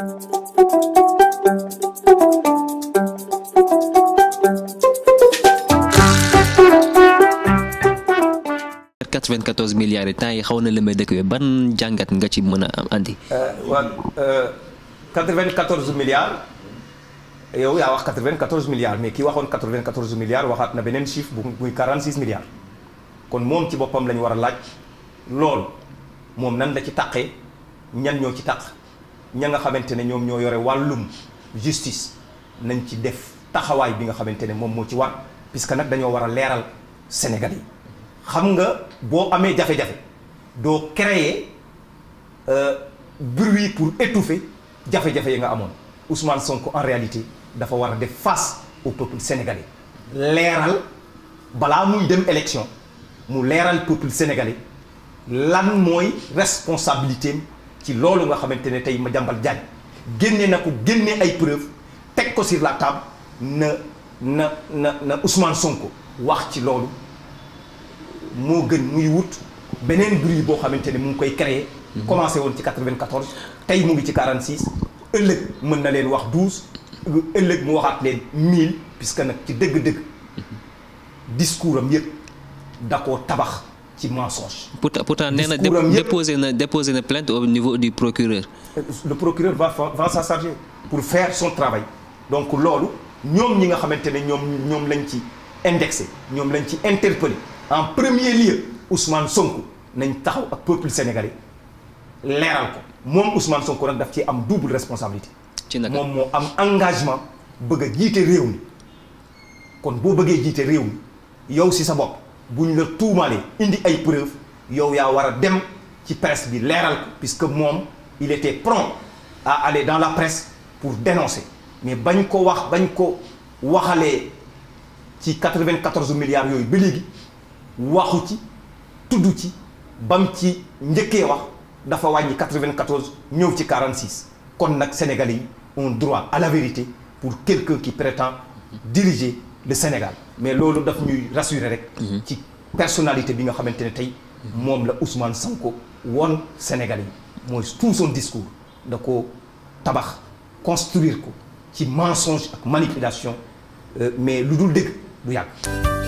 94 milliards yi temps yi xaw na lëmbee dëkk ban jàngat nga ci mën a am andi. waaw 94 milliards yow yaa wax 94 milliards mais ki waxoon 94 milliards waxaat na beneen chiffre bu muy 46 milliards kon moom ci boppam lañu ñu war a laaj loolu moom nan la ci taqee ñan ñoo ci taq. ña nga xamante ne ñoom ñoo yore wàllum justice nañ ci def taxawaay bi nga xamante ne moom moo ci war puisque nag dañoo war a leeral Sénégal yi xam nga boo amee jafe-jafe doo créer euh, bruit pour étouffer jafe-jafe yi nga amoon Ousmane Sonko en réalité dafa war a def face au peuple sénégalais leeral balaa muy dem élection mu leeral peuple sénégalais lan mooy responsabilité ci loolu nga xamante ne tey ma jàmbal jaañ génne na ko génne ay preuve teg ko si la table na na na na Ousmane ko wax ci loolu moo gën muy wut beneen bruit boo xamante ne mu ngi koy créer mhm. commencé woon ci 94 tey mu ngi ci 46 ëllëg mën na leen wax 12 ëllëg mu waxaat leen 1000 puisque nag ci dëgg-dëgg mhm. discours am yëpp da koo tabax ci mensonge. pourtant pourtant nee na déposé na déposé na plainte au niveau du procureur. le procureur va va s'en charger pour fair son travail donc loolu ñoom ñi nga xamante ne ñoom ñoom lañ ci indexé ñoom lañ ci interpellé en premier lieu Ousmane Sonko nañ taxaw ak peuple sénégalais leeral ko moom Ousmane Sonko nag daf ci am double responsabilité. ci nag moom moo am engagement bëgg a jiite réew mi kon boo bëggee jiite réew mi yow si sa bopp. bu ñu la tuumalee indi ay preuves yow yaa war a dem ci presse bi leeral ko puisque moom il était prompt a aller dans la presse pour dénoncer mais bañ ko wax bañ ko waxalee ci 94 milliards yooyu ba léegi waxu ci tudd ci bam ci njëkkee wax dafa wàññi 94 ñëw ci 46 kon nag sénégalais yi ont droit à la vérité pour quelqu'un qui prétend diriger le Sénégal mais loolu daf ñuy rassurer rek. Mhm. ci personnalité bi nga xamante ne tey moom la Ousmane Sonko woon Sénégal yi mooy tout son discours da ko tabax construire ko ci mensonge ak manipulation euh, mais lu dul dëgg du yàgg.